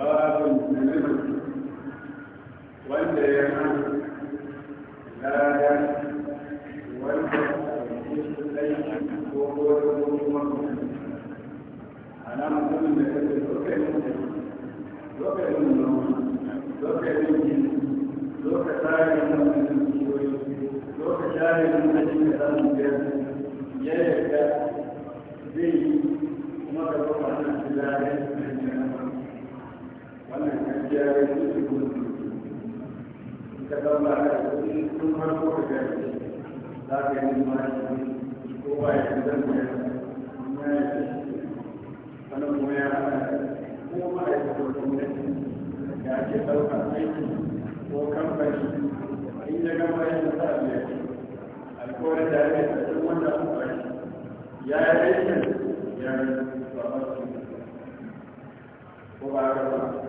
babu zunubi wanda ya hana lada wanda ya su aiki ko wani kuma a nan mutum da ya ce lokacin da lokacin noma lokacin gini lokacin tsarin mutum kiyoyi lokacin tsarin mutum da zamu biyar ya yarda zai yi kuma da kuma nan su lada wannan gaskiya ya ce su kuma ka zama da kuɗi sun farko da gari za ka yi ma shi ko ba ya fi zan ya kuma ya ce wani kuma ya ko ba ya fi gwamnati ya ce ɗaukar aiki ko kamfani in ya gama yin sa biya alkawarin da ya ce duk wanda aka shi. ya yi aikin ya yi ba ko ba ka ba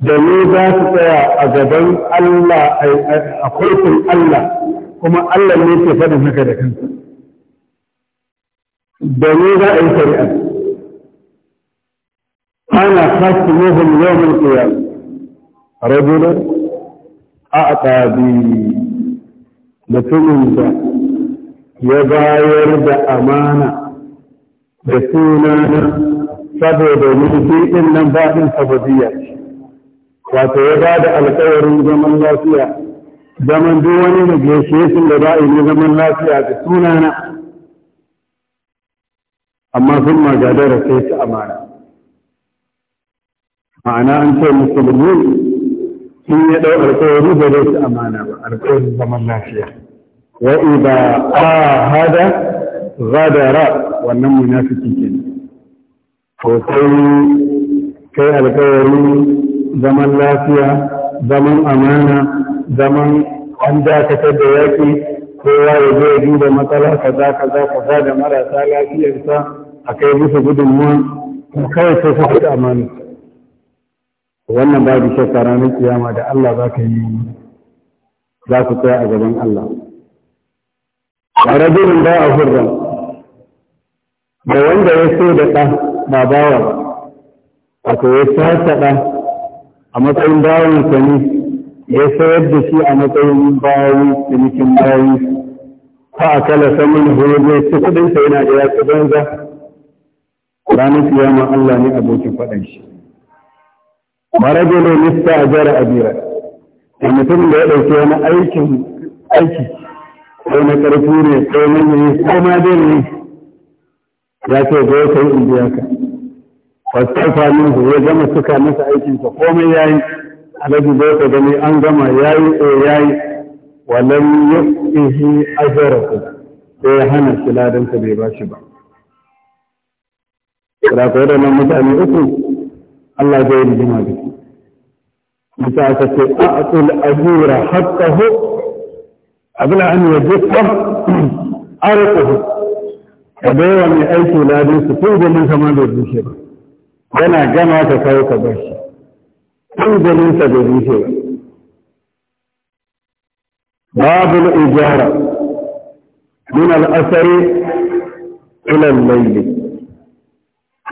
da ni za su tsaya a gaban Allah a kurkun Allah kuma Allah ne ke faɗin haka da kansa da ni za a yi shari'a ana kasu muhun yawon kiyar rajulan a a mutumin da ya bayar da amana da sunana saboda ni din nan baɗin sabadiyya wato ya ba da alkawarin zaman lafiya zaman duk wani da gaishe sun da ba ne zaman lafiya da sunana amma sun magadara sai su amana ma'ana an ce musulmi sun yi ɗau alkawari da zai su amana ba alkawarin zaman lafiya wa idza ahada ghadara wannan munafiki ke to sai kai alƙawari zaman lafiya zaman amana zaman an dakatar da yaƙi kowa ya zo ya duba matsala kaza kaza kaza da marasa lafiyarsa a kai musu gudunmuwa to kai sai su fi amana wannan babu shakka ranar kiyama da Allah za ka yi za ku tsaya a gaban Allah a rajulun ba a hurran da wanda ya so da ɗa ba bawa wato ya sata ɗa a matsayin bawan sani ya sayar da shi a matsayin bayi cinikin bayi ta a kala saman hulun su kudinsa yana da yaƙi banza ranar kiyama Allah ne abokin faɗan shi. Marajolo nista a jara abira, da mutum da ya ɗauki wani aikin aiki ko na ƙarfi ne ko na ne ko ma dai ne ya ce zo ka yi indiya ka fastafa minhu ya gama suka masa aikinsa komai ya yi alaji zo ka gani an gama ya yi o eh, ya yi walam yuqihi ajrakum sai hana shi ladan ka bai ba shi ba da ko da nan mutane uku Allah zai yi rigima da su mutaka ce a'tul hatta haqqahu abin an yi dukkan arikuhu ka yawa mai aiki ladin su tun ganin sama da bushe ba yana gama ka kawo ka ba shi tun da sa bai bushe ba babu ijara min al'asari ila laili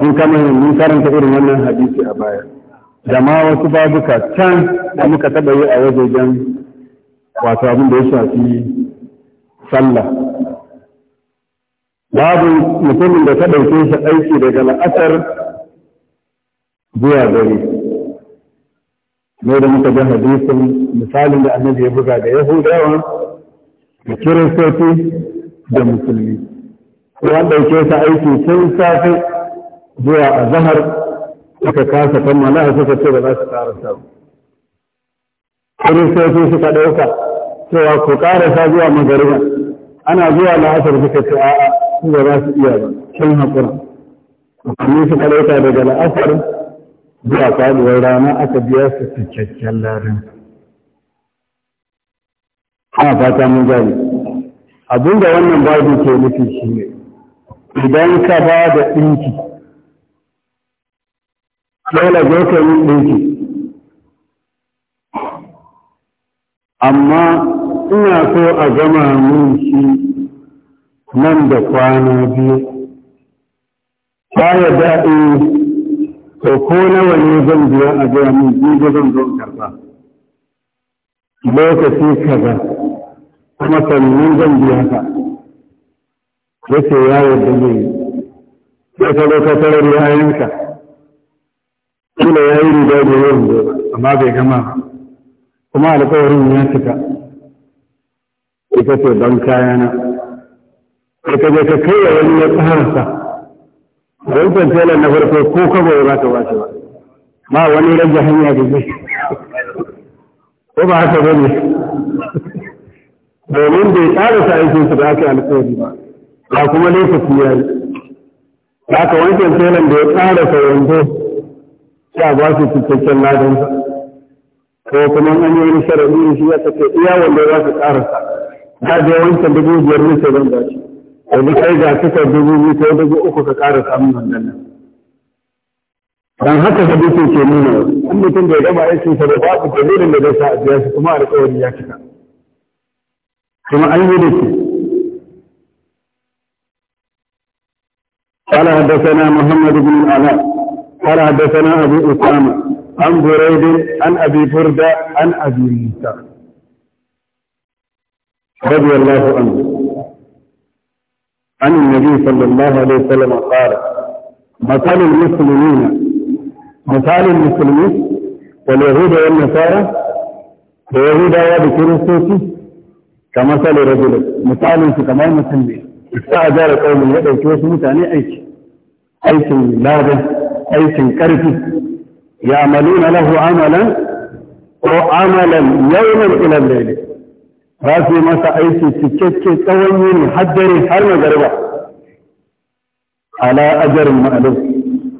in kama mun karanta irin wannan hadisi a baya da ma wasu babuka can da muka taɓa yi a wajejen wato abin da ya shafi sallah babu mutumin da ka ɗauke shi aiki daga la'asar zuwa gari. ne da muka ga hadisin misalin da annabi ya buga da yahudawa da kiristoci da musulmi ko an ɗauke sa aiki tun safe zuwa azahar aka kasa kammala suka ce ba za su ƙara samu kiristoci suka ɗauka cewa ku ƙarasa zuwa magariba ana zuwa la'asar suka ce a'a su ba za su iya ba shan haƙura musulmi suka ɗauka daga la'asar zuwa faɗuwar rana aka biya su cikakken larin ana fata mun gani abinda wannan babu ke nufi shi ne idan ka ba da ɗinki dole zo ka yi ɗinki amma ina so a gama mun shi nan da kwana biyu ba ya daɗi eh, to ko nawa ne zan biya a gaya mun jiya zan zo karɓa lokaci kaza kuma sannan zan biya ka yake ya yarda ne ya ta lokacin yayanka kila ya yi riga da yawan amma bai gama ba kuma alkawarin ya cika ita ce ban kayana sai ka je ka kai da wani ya tsaharsa a wancan telan na farko ko kabo ba ta wace ba ma wani rage hanya da zai ko ba haka ba ne domin bai aikin su da aka alƙawari alkawari ba ba kuma lokaci ya yi haka wancan telan da ya sa yanzu ya ba su cikakken ladansa ko kuma an yi wani sharaɗi ne shi ya kace iya wanda za su ƙarasa da da wancan dubu biyar ne sai ban bashi yanzu kai ga suka dubu biyu ko dubu uku ka ƙarasa min wannan nan dan haka duk ke nuna in mutum bai gama aiki sa da babu dalilin da zai sa a biya shi kuma alƙawari ya cika kuma an yi da shi قال حدثنا محمد بن العلاء قال حدثنا أبو أسامة عن بريد عن أبي فردة عن أبي موسى رضي الله عنه عن النبي صلى الله عليه وسلم قال مثال المسلمين مثال المسلمين واليهود والنصارى اليهود وبكريستوسي كمثل رجل مثال كمان مسلمين استعجل قوم يدعو كيف متعني أيش أيش لا aikin ƙarfi ya maluna lahu amalan ko amalan yawon ilan laili ba su masa aiki cikakke tsawon yin haddare har magarba ala ajarin malu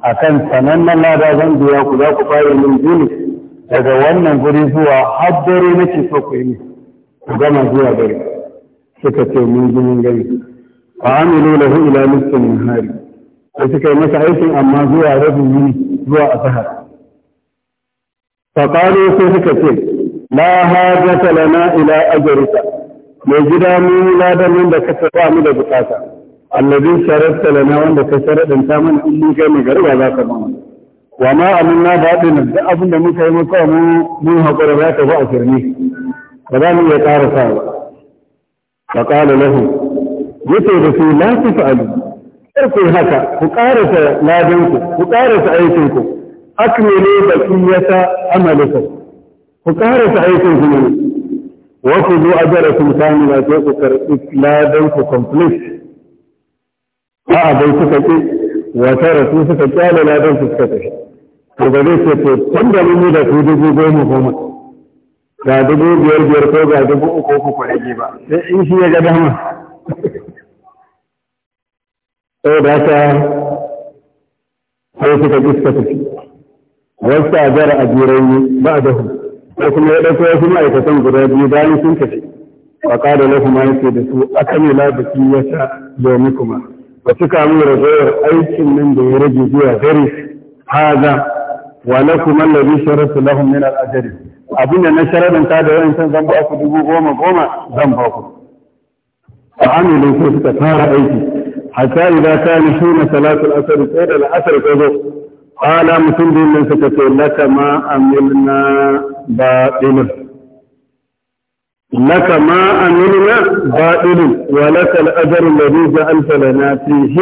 a kan sanannen lada zan biya ku za ku fara yin jini daga wannan guri zuwa haddare ke so ku yi ku gama zuwa gari suka ce mun ji mun ba amilu lahu ila nisfin hari sai suka yi masa aikin amma zuwa rabin zuwa asahar faƙaro sai suka ce la haja lana ila ajarika mai gida mu ladanin da ka sa mu da bukata allazin sharatta lana wanda ka sharadanta mana in mun kai mai za ka ba wa ma na baɗi din da abin da muka yi maka mu mun hakura za ka ba a firni ba za mu iya ƙara sa ba faƙalo lahu yace da su la tafalu ku haka ku ƙarasa ladanku ku ƙarasa aikinku akmilu baqiyata amalikum ku ƙarasa aikinku ne wa ku ajara ajrakum kamila ko ku karbi ladanku complete a abai suka ki wa tarasu suka kyale ladanku suka tafi to ba zai ce to tun da mun da su dubu goma goma ga dubu biyar biyar ko ga dubu uku uku ko rage ba sai in shi ya ga dama saboda haka sai suka ji suka tafi wasu a jara a jirani ba a dafa. sai kuma ya ɗauko wasu ma'aikatan guda biyu bayan sun tafi wa kada lafi ma yake da su a aka ne labaki ya sa domin kuma ba su kamu ragowar aikin nan da ya rage zuwa gare haza wa lakum alladhi sharafu lahum a al Abin da na sharadanta da yawan san zan ba ku dubu goma goma zan ba ku fa amilu sai suka fara aiki حتى إذا كان حين صلاة الأسر سيد الأسر فهو قال مسلم دين من سكت لك ما أملنا باطل لك ما أملنا باطل ولك الأجر الذي جعلت لنا فيه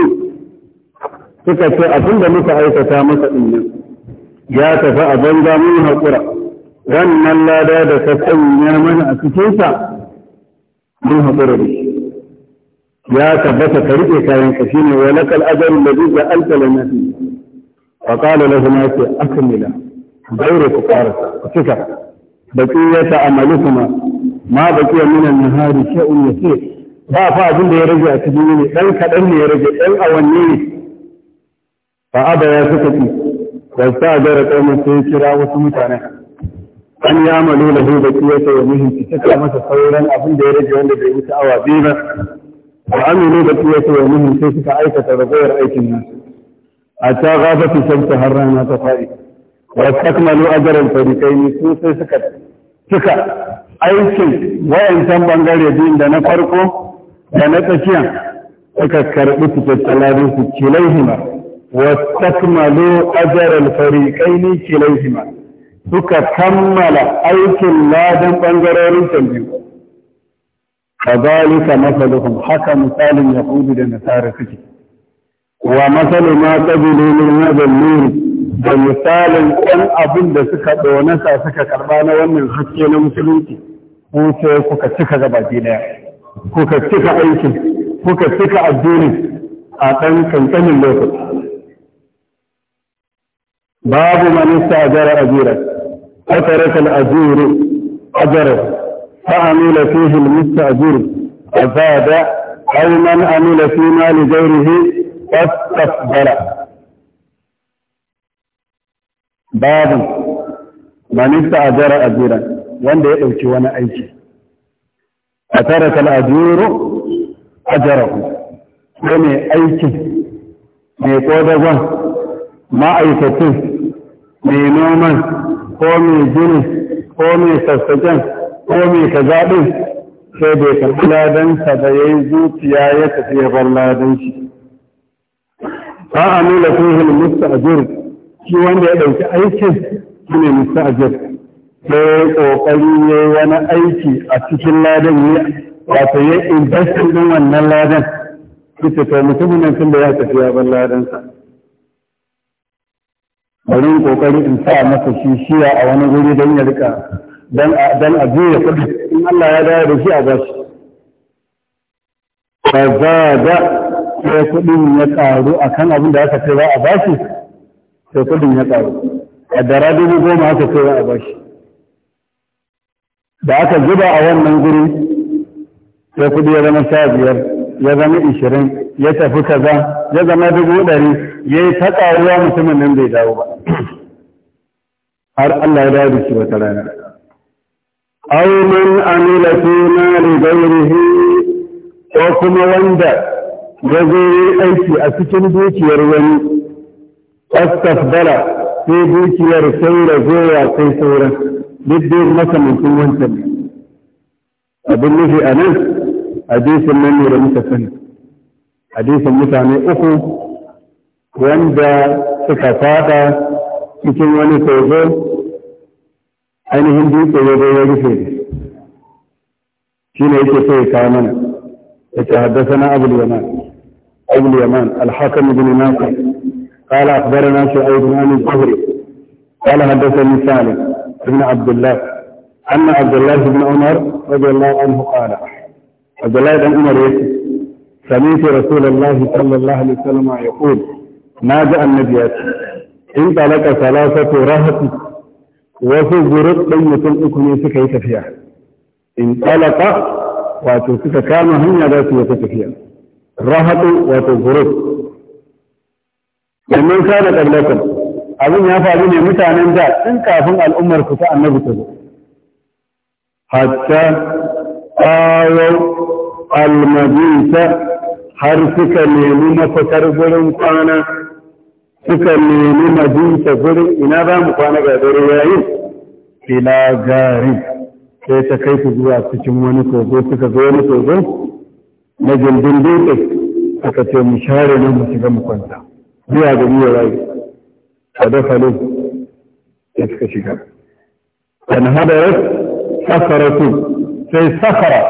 سكت أفن دم سعيك تامس إنا يا تفا أبن جامين هكرا وأن الله داد تسوي يا من أسكيسا من هكرا بيه ya tabbata ka riƙe kayan ka shine wa lakal ajrun ladhi ja'alta lana fi fa qala lahu ma ta akmila ghayra fuqarata kika baqiyata amalukuma ma baqiya min an-nahari shay'un yasir ba fa abin da ya rage a cikin yini dan kadan ne ya rage dan awanni ne fa abaya suka ci wasta ajara kaumin sai kira wasu mutane an ya malu lahu baqiyata wa mihim kika masa sauran abin da ya rage wanda bai wuce awa biyu ba wa aminu da kiyata wa muhim sai suka aikata ragowar aikin nasu a ta gaba su shamsu har rana ta faɗi wa takmalu ajran fariqaini su sai suka suka aikin wayancan bangare biyun da na farko da na tsakiya suka karɓi cikakken su kilaihima wa takmalu ajran fariqaini kilaihima suka kammala aikin ladan bangarorin can kazalika masaluhum haka misalin yahudu da nasara suke wa masalu ma qabilu min hadha da misalin ɗan abin da suka ɗonasa suka karɓa na wannan haske na musulunci ko sai cika gaba ɗaya kuka cika aikin kuka cika addini a ɗan kankanin lokaci babu man istajara ajira ataraka al-ajru ajra فعمل فيه المستأجر فزاد أو من عمل في مال غيره فاستقبل باب من استأجر أجيرا wanda ya ɗauki wani aiki a tare kal'ajiru a jarahu ko mai aiki mai ƙodagon ma'aikacin mai noman ko mai gini ko mai sassaken. ko me ka zaɓi sai bai karɓi ladansa da ya yi zuciya ya tafi ya bar ladan shi. Ba a nuna a musta'ajir shi wanda ya ɗauki aikin shi ne musta'ajir. Sai ƙoƙari ya yi wani aiki a cikin ladan ba wato ya investin ɗin wannan ladan. Kuce to mutumin nan tun da ya tafi ya bar ladansa. Bari ƙoƙari in sa masa shi shiya a wani guri don ya rika dan dan juya kudi in Allah ya dawo da shi a bashi ba za da sai kudin ya karu a kan abin da aka ce za a bashi sai kudin ya karu a dara dubu goma aka ce za a bashi da aka zuba a wannan guri sai kudi ya zama sha biyar ya zama ishirin ya tafi kaza ya zama dubu ɗari ya yi ta karuwa mutumin nan bai dawo ba har Allah ya dawo da shi wata rana aw man amila fi mali ghairihi ko kuma wanda ya zo aiki a cikin dukiyar wani astafdala sai dukiyar sai ragowa sai sauran duk dai makamancin wancan abin nufi a nan hadisin nan ne da muka sani mutane uku wanda suka fada cikin wani kogo ainihin dutse ya zo ya rufe da shi ne yake so ya kawo haddasa na yaman yaman قال أخبرنا شعيب أبي الزهري قال حدثني سالم بن عبد الله أن عبد الله بن عمر رضي الله عنه قال عبد الله بن عمر يقول سمعت رسول الله صلى الله عليه وسلم يقول جاء النبي لك ثلاثة رهط wasu gurub ɗin mutum uku ne suka yi tafiya in ɗalaka wato suka kama hanya za su yi ta tafiya rahatu wato gurub sannan kana ɗallakan abin ya faru ne mutanen da tun kafin al'ummar su ta annabi ta zo hatta ayau almadisa har suka nemi mafakar gurin kwana suka nemi madinta gurin ina za mu kwana ga dare yayin ila garin sai ta kai su zuwa cikin wani kogo suka zo wani kogo na gindin dutse suka ce mu share ne mu shiga mu kwanta zuwa ga biyu rayu a dafalo ya suka shiga an hadarar su sai safara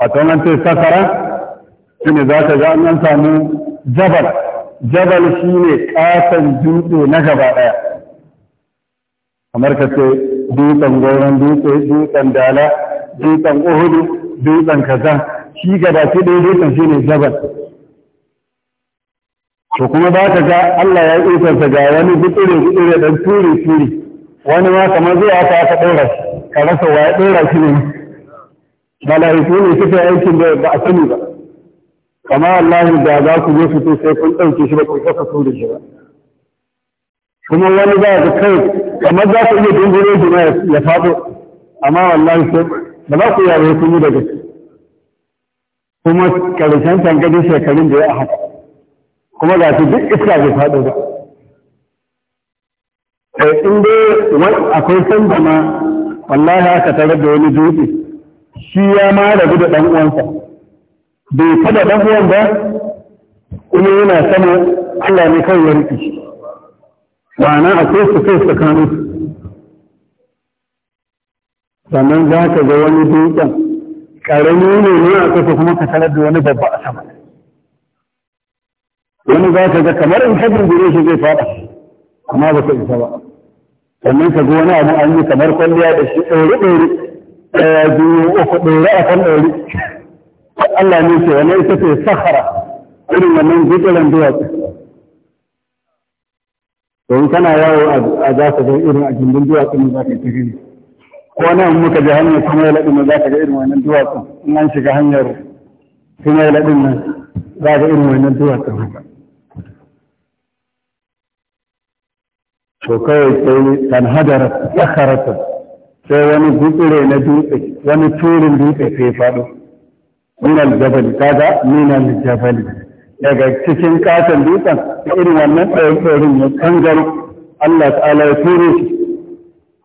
a tunan sai shi shine za ka ga an samu jabal jabal shi ne ƙaton dutse na gaba ɗaya kamar ka ce dutsen goron dutse dutsen dala dutsen uhudu dutsen kaza shi gaba ce ɗaya dutsen shi ne jabal to kuma ba ka ga Allah ya ikonsa ga wani gutsure gutsure dan turi turi wani ma kamar zai aka aka ɗora ka rasa wa ya ɗora shi ne mala'iku ne suka aikin da ba a sani ba amma wallahi da za ku je fito sai kun ɗauke shi ba ku kasa su da shi ba kuma wani za ka kai kamar za ku iya dungure da ya faɗo amma wallahi sai ba za ku yare kun yi da gaske kuma karshen tangadin shekarun da ya haka kuma ga su duk iska bai faɗo ba eh, in dai akwai sanda ma wallahi haka tarar da wani dutse shi ya ma rabu da ɗan uwansa bai taɓa ɗan uwan ba kuma yana sama Allah ne kawai ya riƙe shi ma'ana akwai su kai tsakanin sannan za ka ga wani dutsen ƙarami ne ne a kasa kuma ka tarar da wani babba a sama wani za ka ga kamar in hajjin gure shi zai faɗa amma ba ka isa ba sannan ka ga wani abu an yi kamar kwalliya da shi ɗauri ɗauri ɗaya biyu uku ɗauri a kan ɗauri Allah ne ce wannan ita ce sahara irin wannan gidiran duwatsu don kana yawo a za ka ga irin a gindin duwatsu ne za ka tafi ne ko nan muka ji hanyar kuma ya laɗin za ka ga irin wannan duwatsu in an shiga hanyar kuma ya laɗin nan za ka irin wannan duwatsu haka to kawai sai kan hadara sakarata sai wani gutsure na dutse wani turin dutse sai faɗo min aljabal kaga min aljabal daga cikin katon dutsen da irin wannan tsayin ya kangaro Allah ta'ala ya ture shi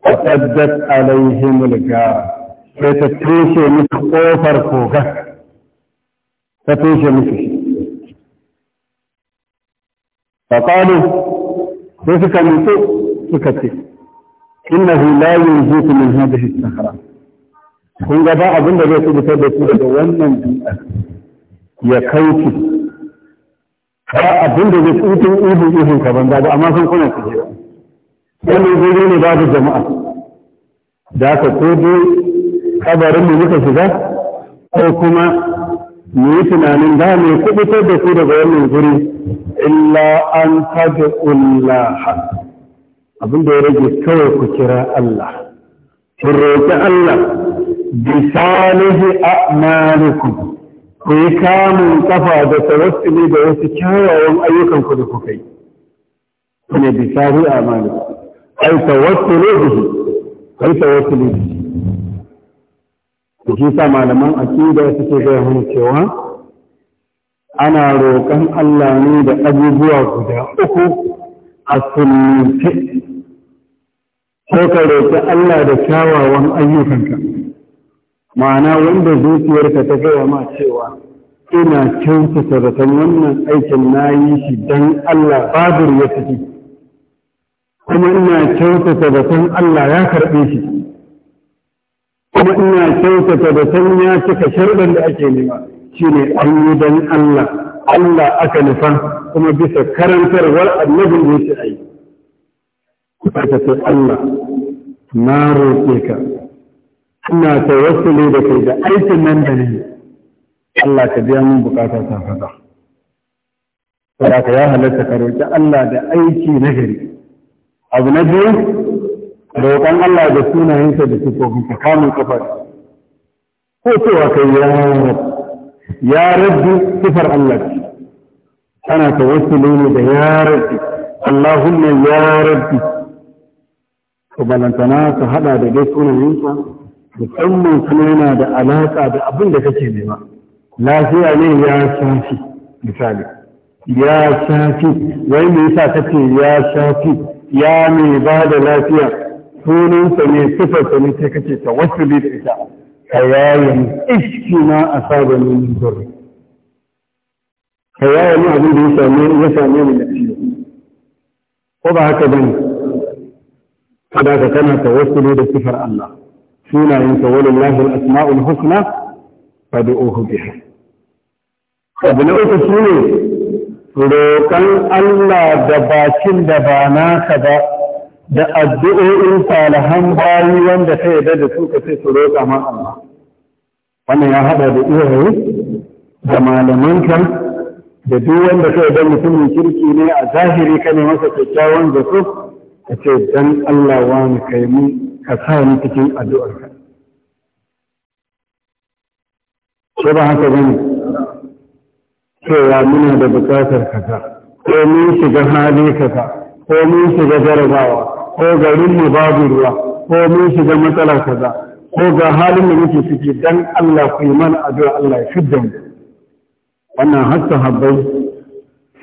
wa tsaddat alaihim algara sai ta toshe musu kofar koga ta toshe musu shi faƙalu sai suka mutu suka ce innahu la yunjiku min hadhihi as-sahara kun ga ba abin da zai kubutar da su daga wannan dutsen ya kauce ba abin da zai tsutun ihun ihun ka banza ba amma sun kuna su jiwa wannan zai ne babu jama'a da aka ko dai kabarin mu muka shiga ko kuma mu yi tunanin ba mai kubutar da su daga wannan guri illa an tad'ullaha abin da ya rage kawai ku kira Allah ku roƙi Allah بصالح salihi a'malikum ku yi kamun kafa da tawassuli da wasu kyawawan ayyukan da kuka yi ne bi salihi a'malikum ai ai sa malaman aƙida suke gaya mana cewa ana roƙon Allah ne da abubuwa guda uku a ka roƙi Allah da kyawawan ayyukanka ma'ana wanda zuciyarka ta gaya ma cewa ina kyautata zaton wannan aikin na yi shi don Allah babur ya fi. kuma ina kyautata zaton Allah ya karɓe shi kuma ina kyautata zaton ya cika sharɗin da ake nema shi ne an yi don Allah Allah aka nufa kuma bisa karantarwar annabin da ya ce a yi. Allah na roƙe ka ina tawassuli da kai da aikin nan da ne Allah ka biya min bukata ta fada saboda ka ya halatta ka roki Allah da aiki na gari abu na biyu roƙon Allah da sunayensa da sifofin ka kamun kafar ko cewa kai ya ya rabbi sifar Allah ana tawassuli ne da ya rabbi Allahumma ya rabbi to balantana ka hada da dai sunayensa musamman kuma yana da alaƙa da abin da kake nema lafiya ne ya shafi misali ya shafi wai me yasa kace ya shafi ya mai ba da lafiya sunansa ne sifarsa ne sai kace ta wasu bi da ita ka yayin iski na a sabani min zurri ka ni abin da ya same ni ya same ni lafiya ko ba haka bane kada ka kana ta wasu da sifar Allah sunayensa walillahi al-asma'ul husna fad'uhu biha abu na uku ne roƙon Allah da bakin da ba naka ba da addu'o'in salihan bayi wanda ka yarda da su ka sai su roƙa ma Allah wannan ya haɗa da iyaye da malamanka da duk wanda ka yarda mutumin kirki ne a zahiri ka ne masa kyakkyawan zato ka ce dan Allah wani kai mu ka sa ni cikin addu'arka ko ba haka bane cewa muna da buƙatar kaza ko mun shiga hali kaza ko mun shiga jarabawa ko garin mu babu ruwa ko mun shiga matsalar kaza ko ga halin da muke ciki dan Allah ku yi mana addu'a Allah ya fidda mu wannan har habbai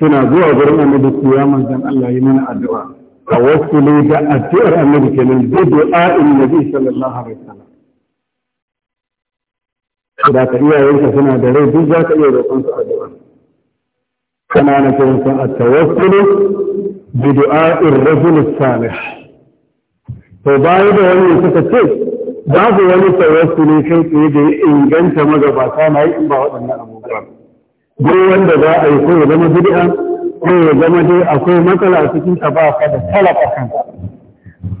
suna zuwa gurin annabi ya manzon Allah yi mana addu'a توصلي بأثير أمريكا من بدعاء النبي صلى الله عليه وسلم. إذا تقول أنت سنة دري بجا تقول الرجل الصالح. فبعد أن يكتب بعض أن التوكل كي تيجي إن كنت مجبرة ما يكون بعض الناس مجبرة. ko ya zama dai akwai matsala a cikin ta ba ka da talaka kan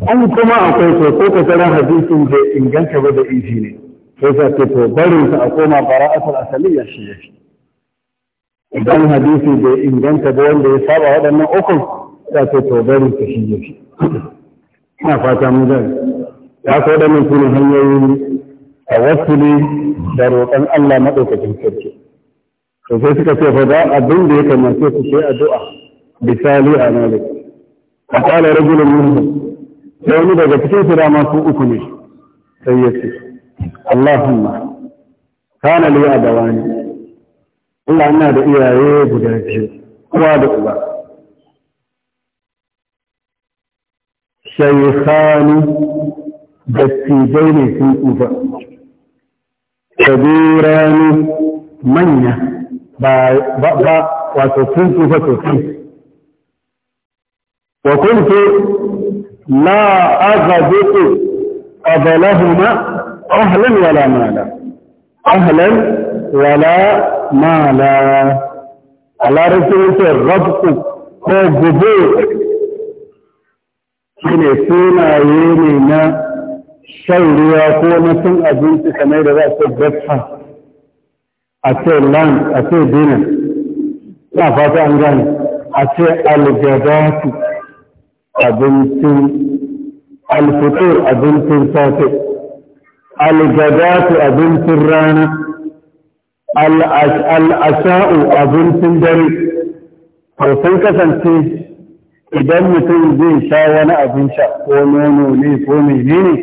an kuma akwai to ko ka tsara hadisin da inganta ba da inji ne sai sa ce to barin sa a koma bara'atul asaliya shi idan hadisi da inganta ba wanda ya saba waɗannan ukun ya ce to barin sa shi ya shi ina fata mun gani ya ko da mun hanyoyin tawassuli da roƙon Allah madaukakin sarki to sai suka ce fa za abin da ya kamace su sai addu'a bisali a malik a kala rajulun minhu sai wani daga cikin su dama uku ne sai ya ce Allahumma kana li adawani Allah ina da iyaye guda biyu uwa da uba shaykhani dattijai ne sun tsufa kabirani manya ba ba wato kun tsufa sosai wa kuntu la aghaditu qablahuma ahlan wala mala ahlan wala mala a larabcin ce rabku ko gube shi ne sunaye ne na shan ruwa ko na cin abinci kamar da za su breakfast a ce lan a ce dinan na fata an gani a ce aljabatu abincin alfitur abincin safe aljabatu abincin rana al'asha'u abincin dare to sun kasance idan mutum zai sha wani abin sha ko nono ne ko menene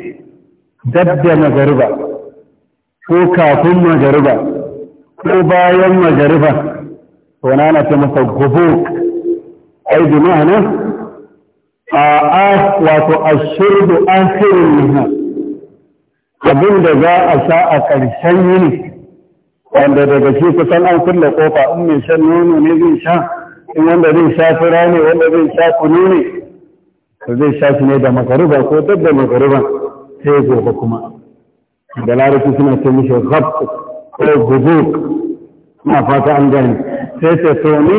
dab da magariba ko kafin magariba ko bayan magariba to na na ce masa gubu ai bi ma'ana a a wato ashurdu akhirin minha abin da za a sha a ƙarshen yini wanda daga shi kusan an kulle kofa in mai shan nono ne zai sha in wanda zai sha fura ne wanda zai sha kunu ne to zai sha shi ne da magariba ko duk da magariba sai gobe kuma da larabci suna ce mishi ghabtu ko guzuk na fata an gani sai ce to ni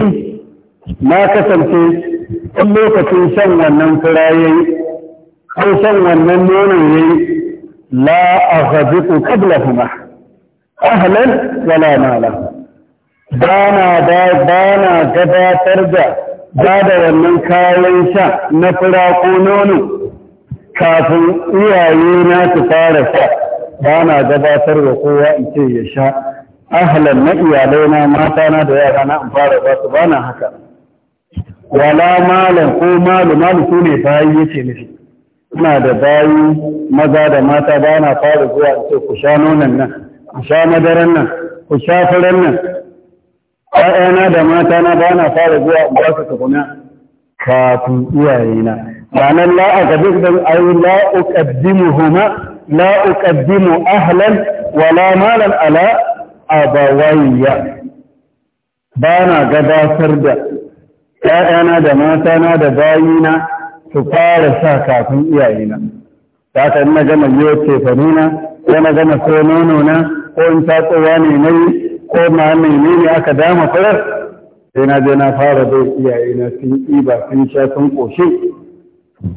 na kasance in lokacin shan wannan fura yayi ko shan wannan nonon yayi la aghadiqu qablahuma ahlan wala mala Ba na gabatar da ba da wannan kayan sha na fura ko nono kafin iyaye na su fara sha ba na gabatar wa kowa in ce ya sha ahlan na iyalai na mata na da yara na amfara ba su ba na haka wala malam ko malu malu su ne bayi yace nufi ina da bayi maza da mata ba na fara zuwa in ce ku sha nonon nan ku sha madaran nan ku sha furen nan ‘ya'yana da na ba na fara zuwa in ba su tukuna kafin iyayena ranar la'a ga duk da ayi la'uƙaddimuhuma la uqaddimu ahlan wala malan ala abawayya bana gabatar da ‘ya'yana da matana da bayina su fara sa kafin iyayena. Ta ka na gama yiwu tefanuna, ko na gama ko nonona, ko in tatsowa ne na yi, ko ma ne ne aka dama farar, sai na je na fara bai iyayena sun ɗiba sun sha sun ƙoshi,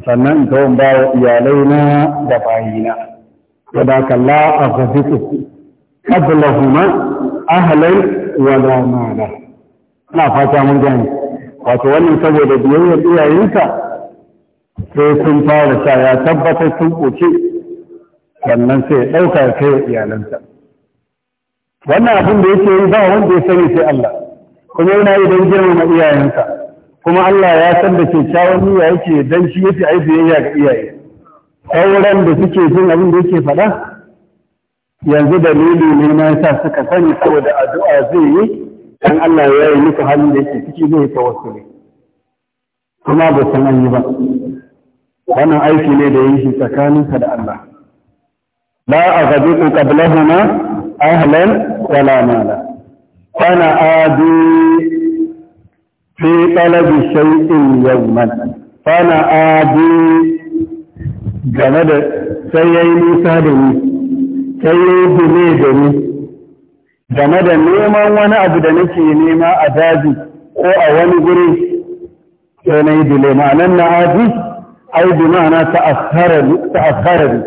sannan in kawon ba wa na da bayina. فذاك لا أغذته قبلهما أهلا ولا مالا لا فاتا من جاني wannan saboda biyayyar إيائيسا sai sun fara sa ya tabbatar sun ƙoce sannan sai ɗauka kai iyalansa wannan abin da yake yi ba wanda ya sani sai Allah kuma yana yi don girmama iyayensa kuma Allah ya san da kyakkyawan niyya yake dan shi yake ai biyayya ga iyaye sauran da suke jin abin da yake faɗa yanzu da lili ne na yasa suka sani saboda addu'a zai yi dan Allah ya yi muku halin da yake ciki zai ta wasu ne kuma ba san an yi ba wannan aiki ne da yake tsakanin ka da Allah la aghadiqu qablahuma ahlan la mala kana adi fi talabi shay'in yawman kana adi game da sai ya yi nisa da ni sai ya yi dole da ni game da neman wani abu da nake nema a daji ko a wani guri sai na yi dole ma'anan na aji ai bi ma'ana ta'asharari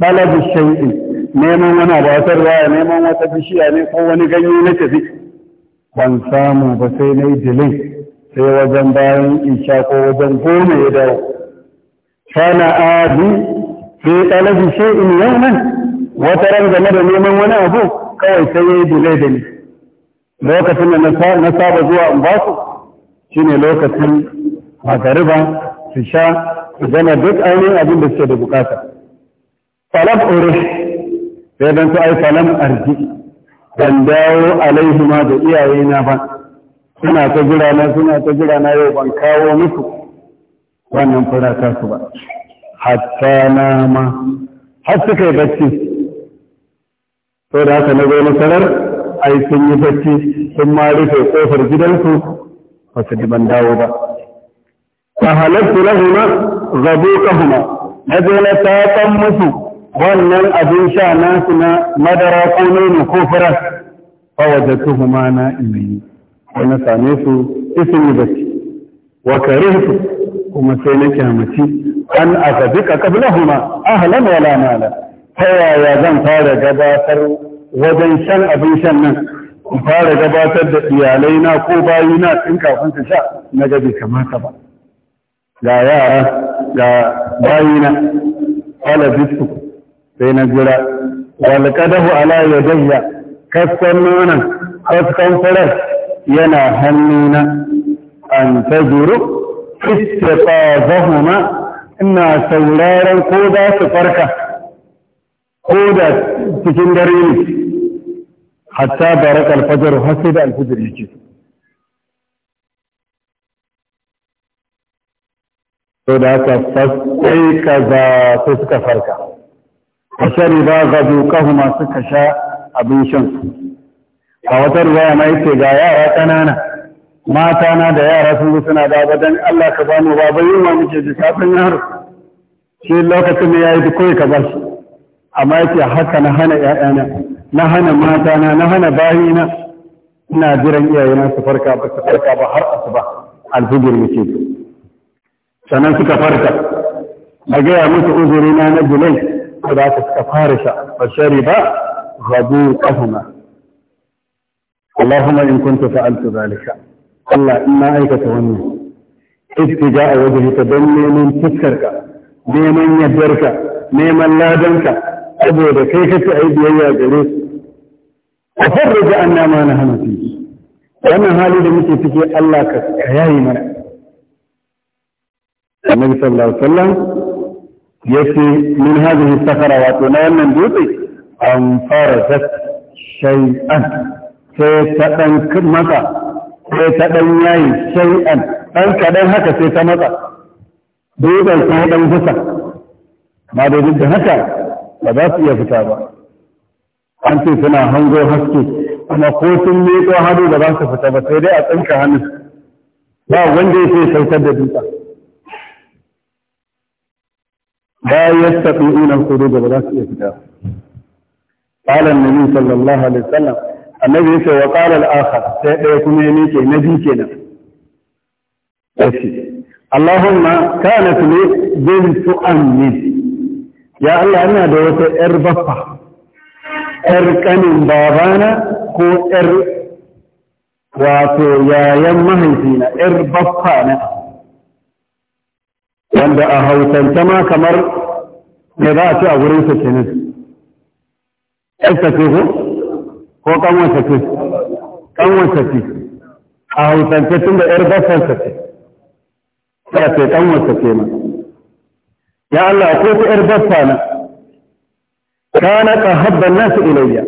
balabu shaiɗi neman wani abu wata neman wata bishiya ne ko wani ganye na tafi ban samu ba sai na yi dole sai wajen bayan isha ko wajen goma ya dawo kana abi shi in shay'in nan? wata ran game da neman wani abu kawai sai yi da ni lokacin da na saba zuwa in ba su shine lokacin magariba su sha su gama duk ainihin abin da suke da bukata falam urus sai don su ai falam arji ban dawo ma da iyayena ba suna ta jirana suna ta jira na yau ban kawo musu wannan fura ta su ba hatta nama har suka yi bacci sau da haka na zo na sarar ai sun yi bacci sun ma rufe kofar gidansu ba su ji dawo ba ta halattu lahuma zabuqahuma na zo na tatsan musu wannan abin sha nasu na madara ko nono ko fura fa wajadtuhuma na ilmi wani same su isin yi bacci wa kuma sai na kyamaci an azabika huma ahalan wala mala ta yaya zan fara gabatar wajen shan abin shan nan in fara gabatar da iyalai na ko bayi na tun kafin su sha na gabi kamata ba ga yara ga bayi na ala bisu sai na jira walqadahu ala yadayya kaskan nuna kaskan faras yana hannuna an tajuru istafazahuma ina sauraron ko za su farka ko da cikin dare ne hatta baraka alfajar har sai da alfajar yake to da haka fasai kaza sai suka farka a shari ba ga dukahuma suka sha abin shan a wata ruwa ma yake ga yara ƙanana mata na da yara sun zo suna da abadan Allah ka bani baba yin ma muke ji kafin yaro shi lokacin da yayi koyi ka ba shi amma yake haka na hana ƴaƴana na hana mata na na hana bayina ina jiran iyayena su farka ba su farka ba har asuba alfijir muke sannan suka farka a gaya musu uzuri na na bulai ko da suka fara sha ba shari ba gabu kahuma اللهم إن كنت فعلت ذلك الله ما أيكته منه ابتجاء وجه تدني من تذكرك بمن يدرك بمن لا دنك أبوه كيف تعيد يا جريس أفرج أن ما نهنا فيه وما هالي لمتي فيه الله كأيه من النبي صلى الله عليه وسلم يأتي من هذه السفرة وتنام من أن أنفرزت شيئا فتأكد مطعم sai ta ɗan yayi shay'an ɗan kaɗan haka sai ta matsa dogon sai ɗan kusa ma da duk da haka ba za su iya fita ba an ce suna hango haske amma ko sun leƙo hannu ba za su fita ba sai dai a tsinka hannu ba wanda ya ce saukar da dutsa ba ya taɓi inan kudu ba za su iya fita. ba Ƙalan Nabi sallallahu alaihi wasallam annabi ya ce wa qala akhar sai ɗaya kuma ya miƙe na biyu kenan Allahu Allahumma kanat li bintu ammi ya Allah ina da wata yar baffa yar ƙanin babana ko yar wato yayan mahaifina yar baffa na wanda a hausance ma kamar me za a ci a gurin sa kenan yar ce ko ko kanwansa ce kanwansa ce a hausance tun da yar gasarsa ce ta ce kanwansa ce ma ya Allah ko ta yar gasa na kana ka habban nasu ilayya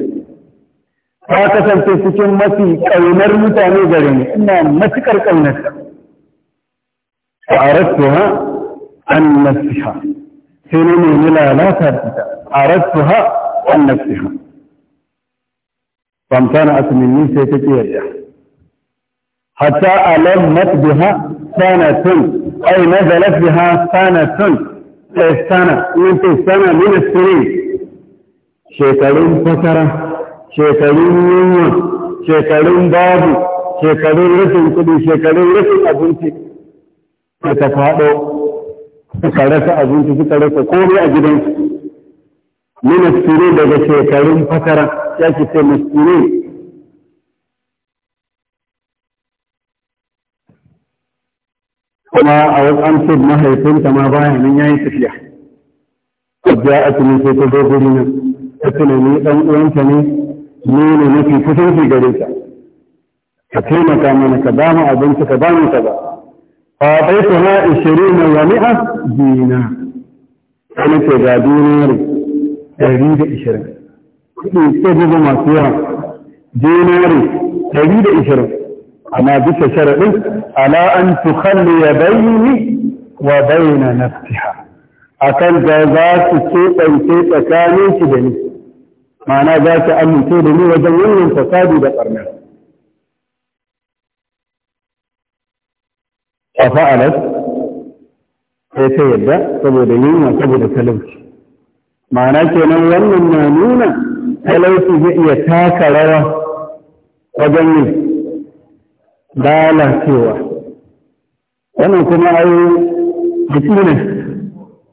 ta kasance cikin mafi kaunar mutane gare ni ina matukar kaunarsa ha an nasiha sai ne mai lalata da ita ha an nasiha famtana asminni sai ta kiyarta hatta alammat biha sanatun ay nazalat biha sanatun sai sana in ta sana min asirin shekarun fatara shekarun yunwa shekarun babu shekarun rashin kuɗi shekarun rashin abinci da ta faɗo suka rasa abinci suka rasa komai a gidan min daga shekarun fatara ياتي في المسلمين كما أود أن تب ما هيكون كما ظاهر من يعني تفلح قد جاءت من في تدورنا أتنا ميقاً وانتني مين نفي كثير في قريسة حكيمة كامنة كبامة أبنت كبامة كبامة فأعطيتها عشرين ومئة دينار أنا تجابيني تجيب عشرين kuɗi sai zama masu yawa dinari ɗari da ishirin amma bisa sharaɗin ala an tukhalli ya bayni wa bayyana nafsiha akan da za su keɓance tsakanin shi da ni ma'ana za su amince da ni wajen wannan fasadi da ɓarna a fa'alar sai ta yadda saboda yunwa saboda talauci ma'ana kenan wannan na nuna talauci zai iya taka rawa wajen ne lalacewa wannan kuma ai jiki ne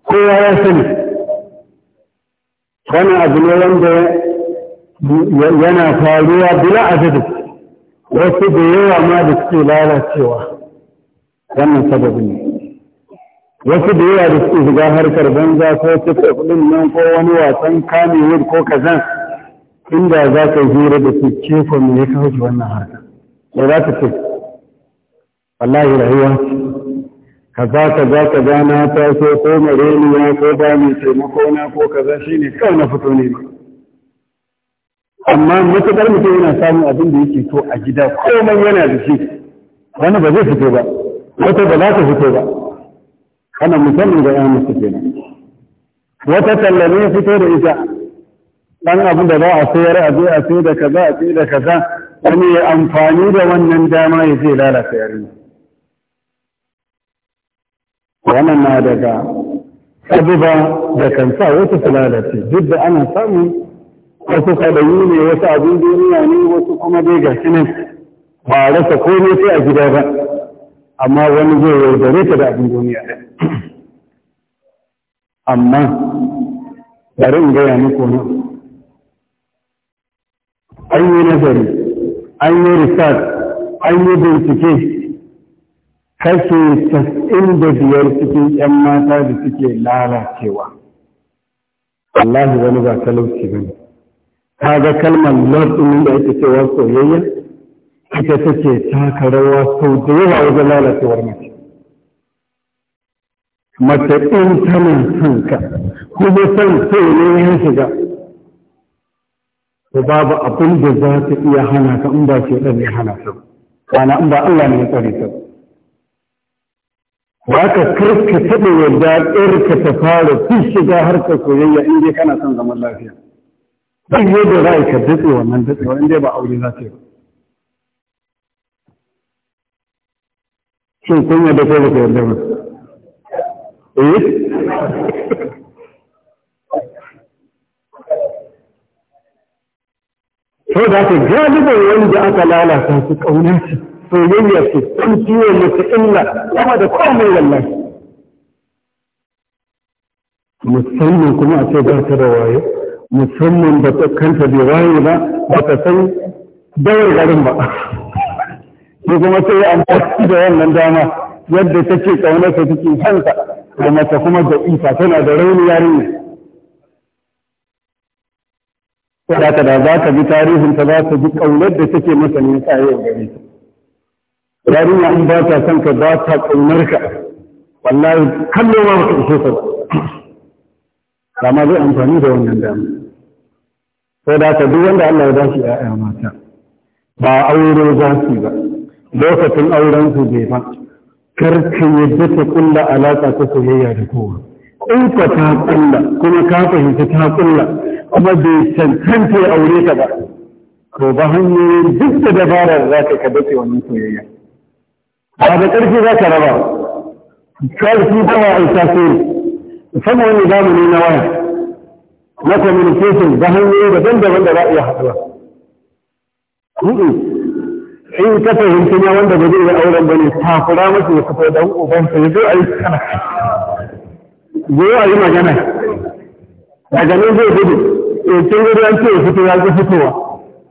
kowa ya sani wannan abu ne wanda yana faruwa bila adadi wasu da yawa ma da suke lalacewa wannan sababi ne wasu da yawa da suke shiga harkar banza ko cikin kudin nan ko wani wasan kamewar ko kazan inda za ka hira da su cefa mai ya kawo wannan harka ya za ka ce wallahi rayuwa kaza kaza kaza na taso ko ya ko ba mai taimako na ko kaza shine kawai na fito ne ba amma matuƙar mutum yana samun abin da yake to a gida komai yana da shi wani ba zai fito ba wata ba za ta fito ba ana musamman ga yana su kenan wata tallame fito da ita dan abin da za a sayar a je a sayar da kaza a sayar da kaza wani ya amfani da wannan dama ya je lalata yarin. wannan na daga abubuwa da kan sa wasu su lalace duk da ana samun wasu kaɗayi ne wasu abin duniya ne wasu kuma dai ga shi nan ba a rasa komai sai a gida ba amma wani zai yaudare ta da abin duniya amma bari in gaya muku nan an yi nazari an yi research an yi bincike kashe biyar cikin 'yan mata da suke lalacewa allahi wani ba talauci ba ne ta ga kalmar lord ɗin da ake cewa soyayya ita take taka rawa sau da yawa wajen lalacewar mace mace ɗin tana son ka kuma son so ne ya shiga to babu abin da za ta iya hana ta in ba ce ɗan ya hana ta kana in ba Allah ne ya tsare ta ba ka karka taɓa yadda ƙarka ta fara fi shiga harkar soyayya in dai kana son zaman lafiya duk yadda za ka datse wannan datsewa in dai ba aure za ta yi ba shin kun yadda ko ba ku yarda ba eh to da ta galibin wanda aka lalata su ƙaunar su soyayya su sun ciwo musu illa kuma da komai wallahi musamman kuma a ce ba ta da waye musamman ba ta kanta bai waye ba ba ta san dawar garin ba ko kuma sai ya amfani da wannan dama yadda take ƙaunar ƙaunarsa take hanka, da ta kuma da isa tana da rauni yarinya saboda da za ka bi tarihin ta za ka bi kaunar da take masa ne ta yau gare ta yarinya in ba ta son ka ba ta kaunar ka wallahi kallo ma baka ishe ta ba ma zai amfani da wannan dama saboda ka duk wanda Allah ya ba shi mata ba aure za su ba lokacin auren su bai ba kar ka yadda ta kulla alaƙa ta soyayya da kowa Ƙunfa ta kulla kuma ka fahimci ta kulla kuma bai cancanta ya aure ka ba to ba hanyoyin duk da dabarar za ka ka dace wannan soyayya ba da ƙarfi za ka raba ƙarfi ba wa aita sai musamman wani zamani na waya na communication ba hanyoyi daban-daban da za a iya haɗuwa in ka fahimci ya wanda ba zai yi auren bane takura masa ya fito dan sa ya zo a yi sana zo a yi magana daga nan zai gudu eh kin gudu an ce fito ya ga fitowa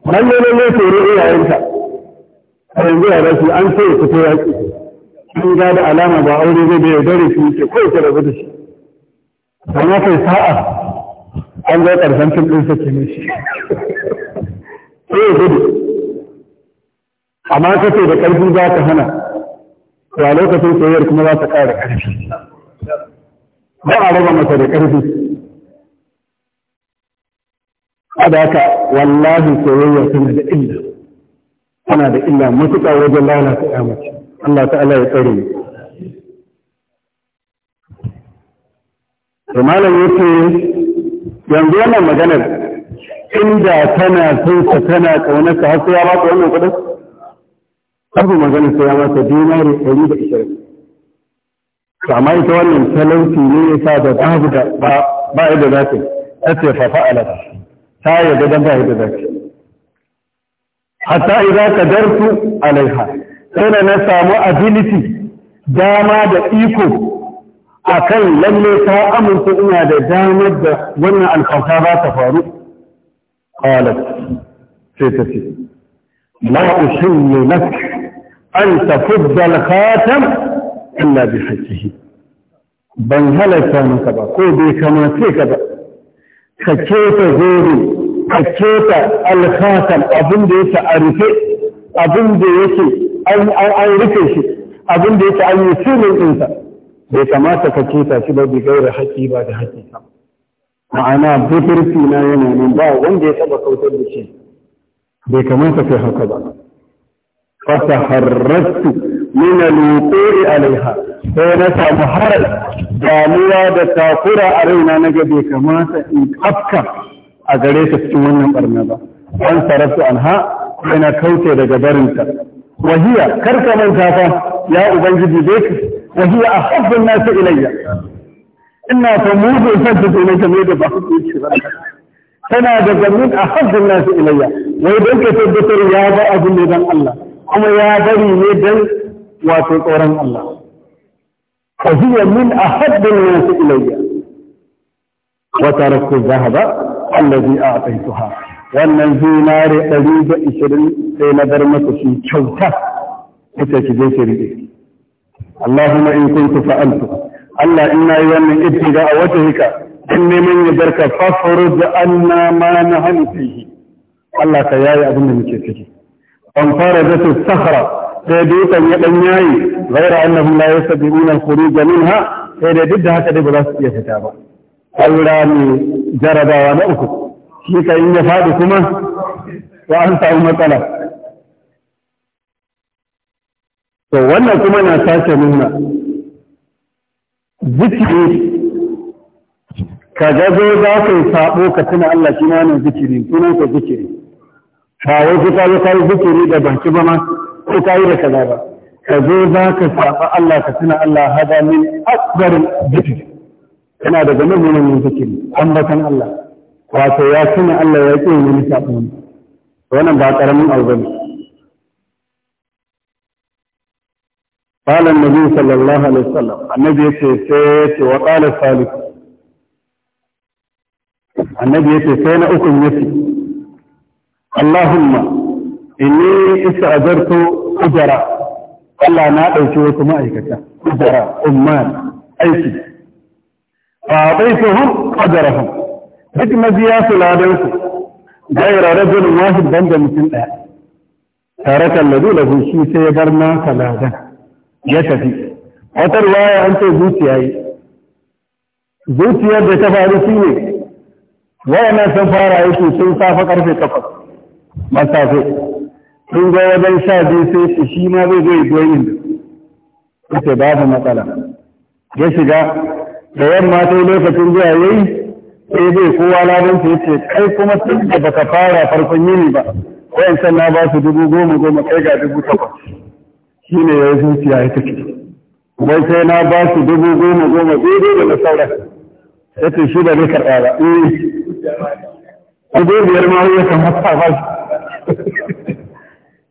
nan ne ne tsoro A yanzu ya rasu an ce fito ya ki an ga da alama ba aure zai da yaudare shi ce ko ta rabu da shi amma kai sa'a an zai karshen cin ɗin sa kenan shi sai gudu amma ce da ƙarfi za ka hana to a lokacin soyayyar kuma za ta ƙara ƙarfi ba a raba masa da ƙarfi da haka wallahi soyayya tana da illa tana da illa matuƙa wajen lalata ya Allah ta'ala ya tsare ni to malam yace yanzu wannan maganar inda tana son ka tana kaunar ka har sai ya ba ka wannan kudin babu maganar sai ya mata dinari 120 to amma ita wannan talauci ne ya sa da babu da ba ba da za ta ce fa fa'ala ta yaga dan ba da zaki hatta idza qadartu alaiha sai na samu ability dama da iko A kan lalle ta amince ina da damar da wannan alkauta ba ta faru qalat sai ta ce la ushillu lak an tafudda al-khatam illa bi haqqihi ban halatta maka ba ko bai kamace ka ba ka ce ta gori ka keta alkhatan abin da yake a rufe abin da yake an rufe shi abin da yake an yi sirrin ɗinsa bai kamata ka keta shi ba bi gaira haƙi ba da haƙi ma'ana budurci na yana nan ba wanda ya saba kautar da shi bai kamata kai haka ba fata harrastu min al wuqui 'alayha sai na samu harar damuwa da takura a raina na ga bai kamata in kafka a gare ta cikin wannan barna ba an sarrafa anha yana kauce daga barinta wahiya kar ka manta fa ya ubangiji dai wahiya ahabbun nasu ilayya ina fa mugun san ta dole ta mai da ba ku ci ba tana da a ahabbun nasu ilayya wai dan ka tabbatar ya ba abu ne dan Allah kuma ya bari ne dan wato tsoron Allah wahiya min a ahabbun nasu ilayya wa taraktu zahaba. allazi a'taituha wannan zinare 120 sai na bar maka shi kyauta kace ki je ki rike Allahumma in kuntu fa'altu Allah ina yi wannan ibtida a wajhika in neman yadarka fafrud anna ma nahanu fihi Allah ka yayi abin da muke ciki an fara zata sahara sai dukan ya dan yayi ghaira annahum la yastabiquna al-khuruj minha sai da duk da haka dai ba za su iya fita ba saura ne jarabawa na uku shi ka yi ya faɗi kuma wa an samu matsala to wannan kuma na sake nuna zikiri ka gazo za ka yi saɓo ka tuna Allah shi ma ne zikiri sunan ka zikiri ka wai ka kai zikiri da baki ba ma ko yi da kaza ba ka zo za ka saɓa Allah ka tuna Allah hada min akbarin zikiri yana daga mazunan yin fikir ambatan Allah wato ya tuna Allah ya ƙi wani saɓon wannan ba ƙaramin albani Falan Nabi sallallahu Alaihi wasallam annabi ya ce sai wa ƙala salik annabi ya ce sai na ukun ya ce Allahumma inni isa azarto ujara Allah na ɗauki wasu ma'aikata ujara umman aiki fa baituhum ajrahum duk mabiya su ladan su gaira rajulun wahid banda mutum daya taraka alladhi lahu shi sai ya bar nasa ladan ya tafi wata riwaya an ce zuciya zuciyar da ta faru shi ne wayannan sun fara aiki sun safa karfe takwas masafe sun ga wajen sha biyu sai su shi ma zai zai doyin Ta ce babu matsala ya shiga da yamma sai lokacin zuwa yayi sai bai kowa ladan ya ce kai kuma tun da baka fara farkon yini ba san na ba su dubu goma goma kai ga dubu takwas shi ne ya yi zuciya ya take wai sai na ba su dubu goma goma daidai da na sauran ya ce shi da ne karɓa ba eh dubu biyar ma ya kamata ba shi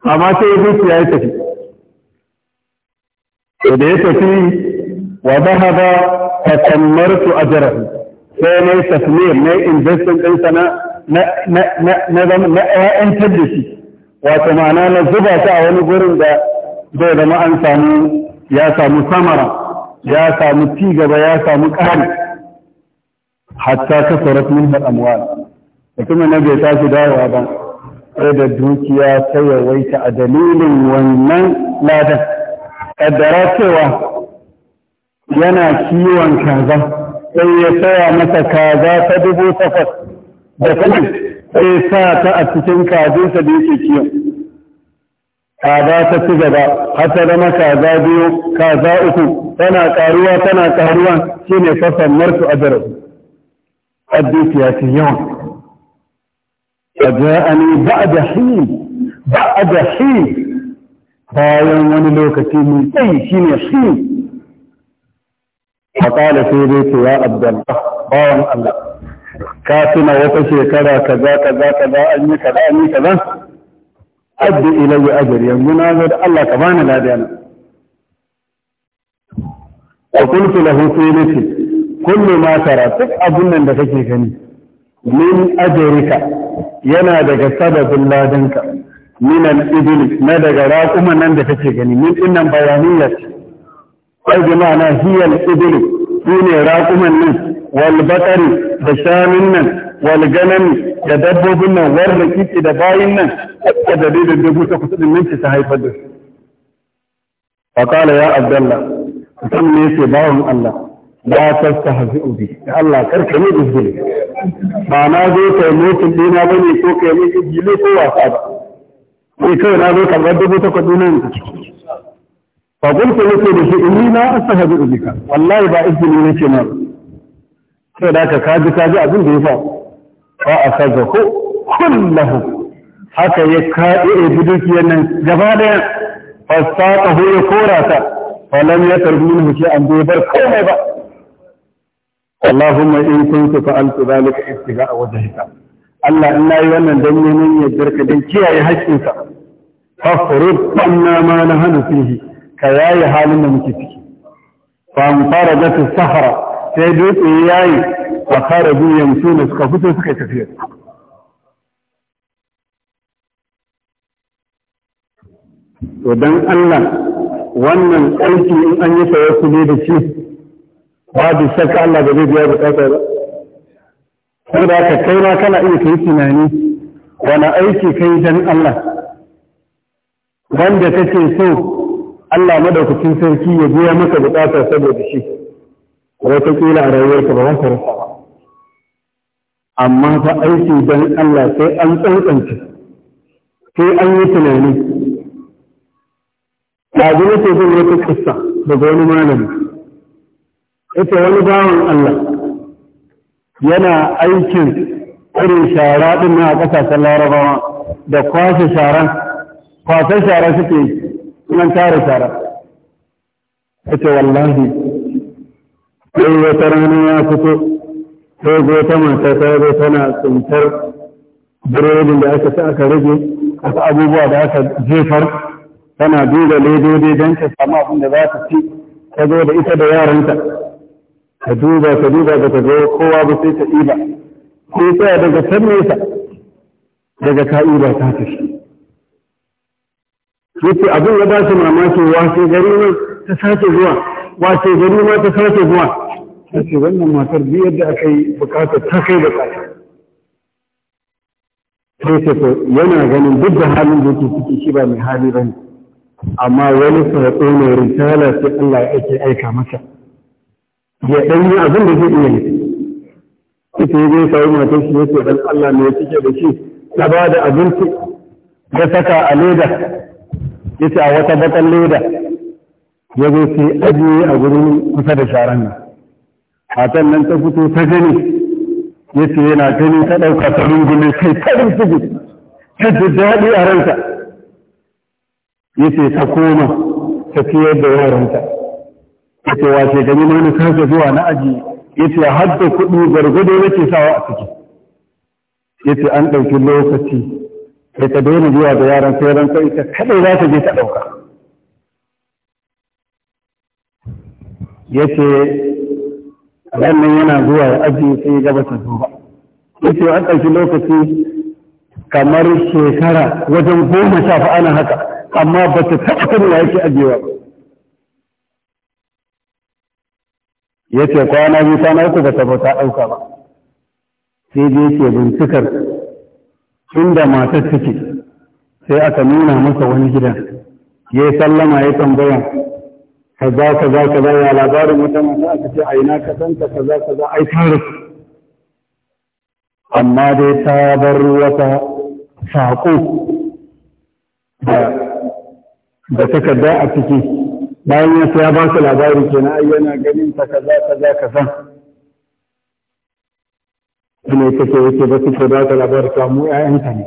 amma sai ya zuciya ya tafi da ya tafi وذهب فكمرت أجره فأنا تثمير ما إنفستن إنسا na ‘yantar da shi wato ma'ana na zuba ta a wani gurin da zai zama an samu ya samu samara ya samu cigaba ya samu ƙari hatta ka saurat min da amuwa da kuma na bai tashi dawowa ba sai da dukiya ta yawaita a dalilin wannan ladan kaddara cewa yana kiwon kaza sai ya saya masa kaza ta dubu takwas da kuma sai ya sa ta a cikin kazinsa da yake kiwon kaza ta ci gaba har ta zama kaza biyu kaza uku tana karuwa tana karuwa shine fasammar su ajarasu الدوسية في يوم فجاءني بعد حين بعد حين bayan wani lokaci mai tsayi shi ne shi faƙala sai dai ce ya abdallah bawan Allah ka tuna wata shekara kaza kaza kaza an yi kaza an yi kaza addu ilayya ajri yanzu na zo da Allah ka bani ladiya na wa qultu lahu sai nace kullu ma tara duk abun nan da kake gani min ajrika yana daga sababin ladanka minan na daga raƙuman nan da kake gani min ai bi ma'ana hiyal ibli su ne raƙuman nan wal bakari da shanun nan wal ganami da dabbobin nan war rakiki da bayin nan da dalilin dubu ta kusa din nan ta haifar da su faqala ya abdullah mutum ne yake bawon Allah la tastahzi'u bi ya Allah karka ne izgili ba na zo kai motin dina bane ko kai ne izgili ko wasa ba kai na zo karɓar dubu ta kuɗi nan فقلت لك yake da shi inni la astahzi'u bika wallahi ba izini nake sai da ka kaji kaji abin da ya fa fa akhadhahu kullahu haka ya kaɗe dukiyar nan gaba daya fasaqahu ya kora ta falam ya tarbi minhu shay'an bai bar komai ba اللهم إن كنت فعلت ذلك ابتغاء وجهك الله إن أي wannan دمي من يجرك دين كي أي حشنك فافرد عنا ما نهن fihi ka yayi halin da muke ciki mu fara da sahara sai dutse yayi wa fara biyan suna suka fito suka tafiya to dan Allah wannan aiki in an yi tsaye ne da shi ba da shakka Allah da zai biya bukatar ba ka kai ma kana iya kai tunani wani aiki kai dan Allah wanda kake so Allah madaukakin sarki ya biya maka bukata saboda shi wataƙila a rayuwarka ba za ka rasa ba amma ta aiki don Allah sai an tsantsance sai an yi tunani ɗazu nake zan wata kissa daga wani malami ita wani bawan Allah yana aikin irin shara ɗin na a ƙasashen larabawa da kwashe shara. Kwashe shara suke yi nan tara tara yace wallahi sai wata rana ya fito sai go ta mata ta zo tana tsintar biredin da aka ci aka rage aka abubuwa da aka jefar tana duba ledodi don ta samu abin da za ta ci ta zo da ita da yaranta ka duba ka duba ba ta zo kowa ba sai ta iba, sai tsaya daga can nesa daga ka iba ta tafi yace abin ya ba su mamaki wace gari ne ta sace zuwa wace gari ma ta sake zuwa yace wannan matar biyar da aka yi bukata ta kai bukata sai ce to yana ganin duk da halin da yake ciki shi ba mai hali ba ne amma wani saratso mai risala sai Allah ya ake aika masa ya ɗan yi abin da zai iya yi ita yi zai kawo matar shi ce dan Allah ne ya cike da shi ta ba da abinci ta saka a leda yace a wata bakan leda ya zo sai ajiye a gurin kusa da sharan nan matan nan ta fito ta gani ya yana gani ta ɗauka ta rungume kai ta rungume ta ji daɗi a ranta ya ta koma ta ciyar da yaranta wa ce gani na wani zuwa na aji yace ce har da kuɗi gargado yake sawa a ciki yace an ɗauki lokaci sai ka daina zuwa da yaran sai ran kai ta kadai za ta je ta dauka yace wannan yana zuwa ya aji sai gaba ta zuwa ba yace an ɗauki lokaci kamar shekara wajen goma sha fa ana haka amma ba ta taɓa ya yake ajiyewa ba yace kwana biyu kwana uku ba ta bauta ɗauka ba sai dai ke bincikar inda matar take sai aka nuna masa wani gidan ya sallama ya tambaya kaza kaza kaza ya labarin wata mata aka ce a ina ka kaza kaza ai ta amma dai ta bar wata saƙo da takarda a ciki bayan ya ya ba su labari kenan ai yana ganin ta kaza kaza kaza kuma ita ce yake ba suke ba ta labar samu yayanta ne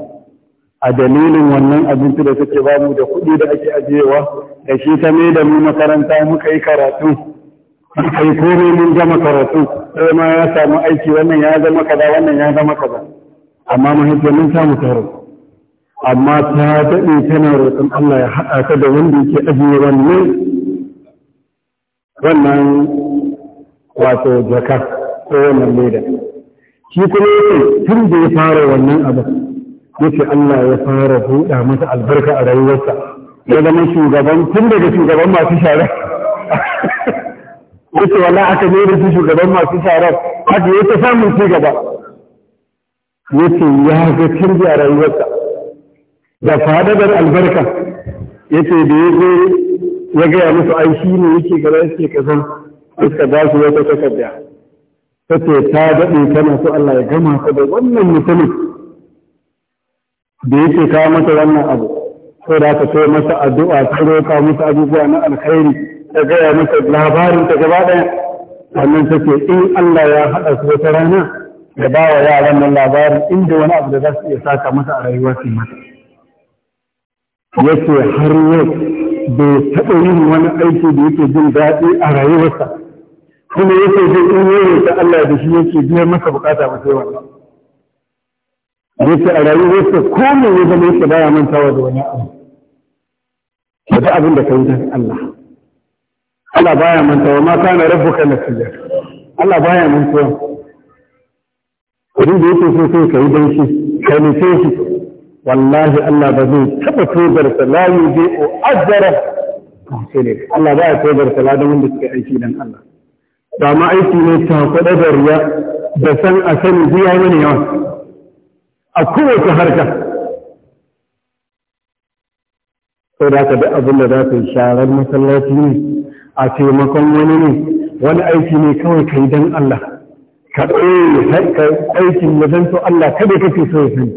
a dalilin wannan abinci da suke ba mu da kuɗi da ake ajiyewa da shi ta mai da mu makaranta muka yi karatu muka yi komai mun gama karatu sai ma ya samu aiki wannan ya zama kaza wannan ya zama kaza amma mahaifiyar mun samu taro amma ta daɗe tana roƙon Allah ya haɗa ta da wanda yake ajiye wannan wannan wato jaka ko wannan leda shi kuma yake tun da ya fara wannan abu yake Allah ya fara buɗa masa albarka a rayuwarsa ya zama shugaban tun daga shugaban masu sharar. yake wala aka ne da su shugaban masu sharar? haka yake samun ci gaba yake ya ga canji a rayuwarsa da fadadar albarka yake da ya zo ya gaya musu ai shi ne yake gaba yake kazan suka ba su wata takarda take ta daɗe tana so Allah ya gama ka da wannan mutumin da yake kawo mata wannan abu sai da aka so masa addu'a ta roƙa masa abubuwa na alkhairi ta gaya masa labarin ta gaba ɗaya sannan take in Allah ya haɗa su wata rana da ba wa yaran nan labarin inda wani abu da za su iya saka masa a rayuwa su mata yake har yau bai taɓa yin wani aiki da yake jin daɗi a rayuwarsa kuma yake zai in yi ta Allah da shi yake biyan masa bukata ba sai wannan yake a rayuwarsa ko komai ya zama yake baya mantawa da wani abu ka ji abin da ka yi don Allah Allah baya mantawa ma kana rabbuka nasiya Allah baya mantawa abin da yake so sai ka yi don shi ka nufe shi wallahi Allah ba zai taba taɓa tobarsa la yuzi o azara sai Allah baya ya tobarsa ladan wanda suka aiki dan Allah ba ma aiki ne takwada da riya da san a sani biya mana yawa a kowace harka sau da ka da abin da za ka yi sharar masallaci ne a taimakon wani ne wani aiki ne kawai ka yi don Allah ka ɗaya aikin da zan Allah kada kake so ya sani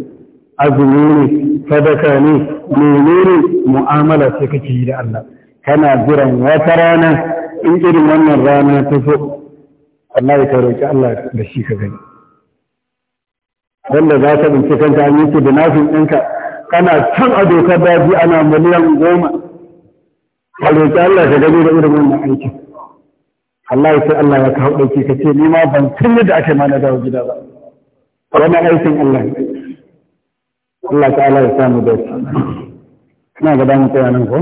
azumi ne sadaka ne menene mu'amala sai kake yi da Allah kana jiran wata rana in irin wannan rana ta zo Allah ya roƙi Allah da shi ka gani wanda za ka binci kanka an yi da nafin ɗinka kana can a dokar daji ana miliyan goma a roƙi Allah ka gani da irin wannan aikin Allah ya ce Allah ya kawo ɗauki ka ce ni ma ban san yadda aka ma na dawo gida ba wani aikin Allah ne Allah ta'ala ya samu shi. ina ga damu tsaya nan ko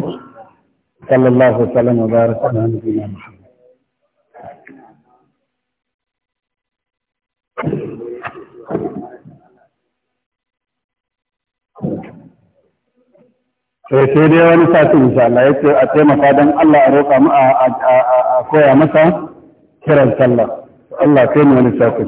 صلى الله وسلم وبارك على نبينا محمد sai eh, sai dai wani sati insha Allah ya a taimaka don Allah a roƙa mu a koya masa kiran sallah Allah kai mu wani sati.